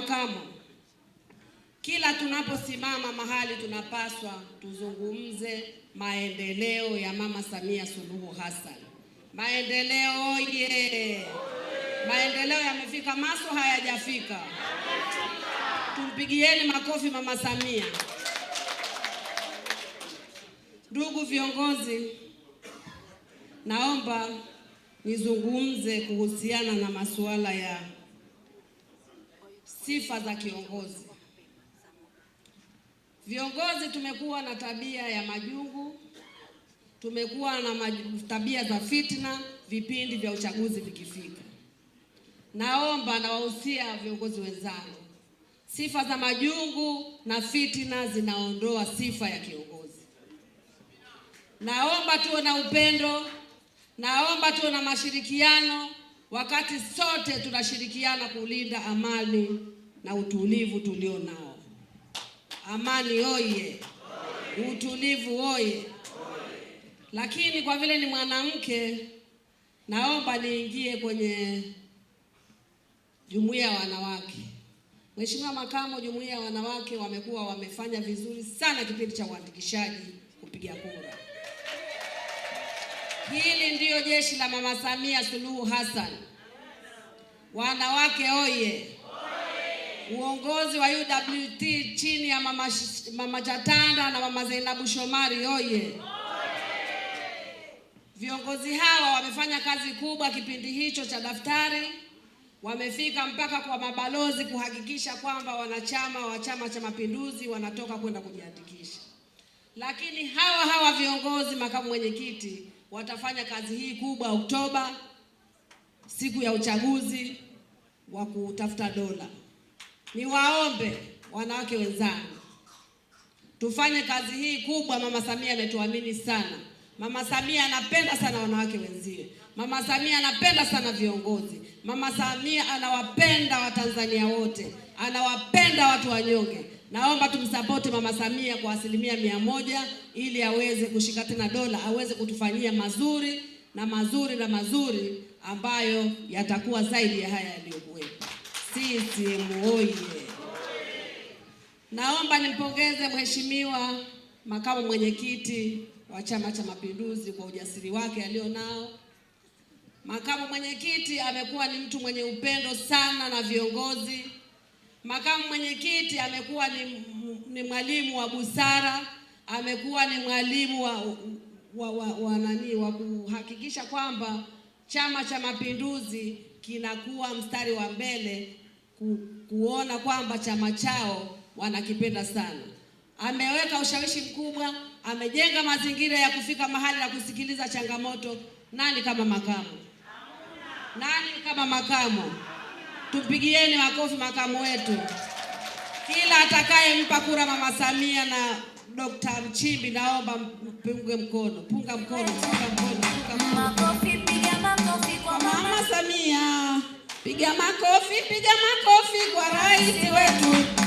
makamo, kila tunaposimama mahali tunapaswa tuzungumze maendeleo ya Mama Samia Suluhu Hassan. Maendeleo oye! Yeah. Maendeleo yamefika, maso hayajafika. Tumpigieni makofi Mama Samia. Ndugu viongozi, naomba nizungumze kuhusiana na masuala ya Sifa za kiongozi. Viongozi tumekuwa na tabia ya majungu, tumekuwa na tabia za fitna vipindi vya uchaguzi vikifika. Naomba nawahusia viongozi wenzangu, sifa za majungu na fitna zinaondoa sifa ya kiongozi. Naomba tuwe na upendo, naomba tuwe na mashirikiano, wakati sote tunashirikiana kulinda amani na utulivu tulio nao. Amani oye! Utulivu oye! Lakini kwa vile ni mwanamke, naomba niingie kwenye jumuiya ya wanawake. Mheshimiwa Makamu, jumuiya ya wanawake wamekuwa wamefanya vizuri sana kipindi cha uandikishaji kupiga kura. Hili ndiyo jeshi la Mama Samia Suluhu Hassan. Wanawake oye! uongozi wa UWT chini ya mama, mama Jatanda na mama Zainabu Shomari oye! Viongozi hawa wamefanya kazi kubwa kipindi hicho cha daftari, wamefika mpaka kwa mabalozi kuhakikisha kwamba wanachama wa Chama cha Mapinduzi wanatoka kwenda kujiandikisha. Lakini hawa hawa viongozi, makamu mwenyekiti, watafanya kazi hii kubwa Oktoba, siku ya uchaguzi wa kutafuta dola niwaombe wanawake wenzangu, tufanye kazi hii kubwa. Mama Samia ametuamini sana. Mama Samia anapenda sana wanawake wenzie. Mama Samia anapenda sana viongozi. Mama Samia anawapenda Watanzania wote, anawapenda watu wanyonge. Naomba tumsapoti Mama Samia kwa asilimia mia moja ili aweze kushika tena dola, aweze kutufanyia mazuri na mazuri na mazuri ambayo yatakuwa zaidi ya haya yaliyokuwepo. CCM oye! Naomba nimpongeze mheshimiwa makamu mwenyekiti wa Chama cha Mapinduzi kwa ujasiri wake alionao. Makamu mwenyekiti amekuwa ni mtu mwenye upendo sana na viongozi. Makamu mwenyekiti amekuwa ni, ni mwalimu wa busara, amekuwa ni mwalimu wa, wa, wa, wa nani wa kuhakikisha kwamba Chama cha Mapinduzi kinakuwa mstari wa mbele ku, kuona kwamba chama chao wanakipenda sana. Ameweka ushawishi mkubwa, amejenga mazingira ya kufika mahali na kusikiliza changamoto. Nani kama makamu? Nani kama makamu? Tumpigieni makofi makamu wetu. Kila atakayempa kura Mama Samia na Dr. Mchimbi, naomba mpunge mkono, punga mkono, punga mkono, punga mkono. Makofi, piga makofi kwa Mama Samia. Piga makofi, piga makofi kwa rais wetu.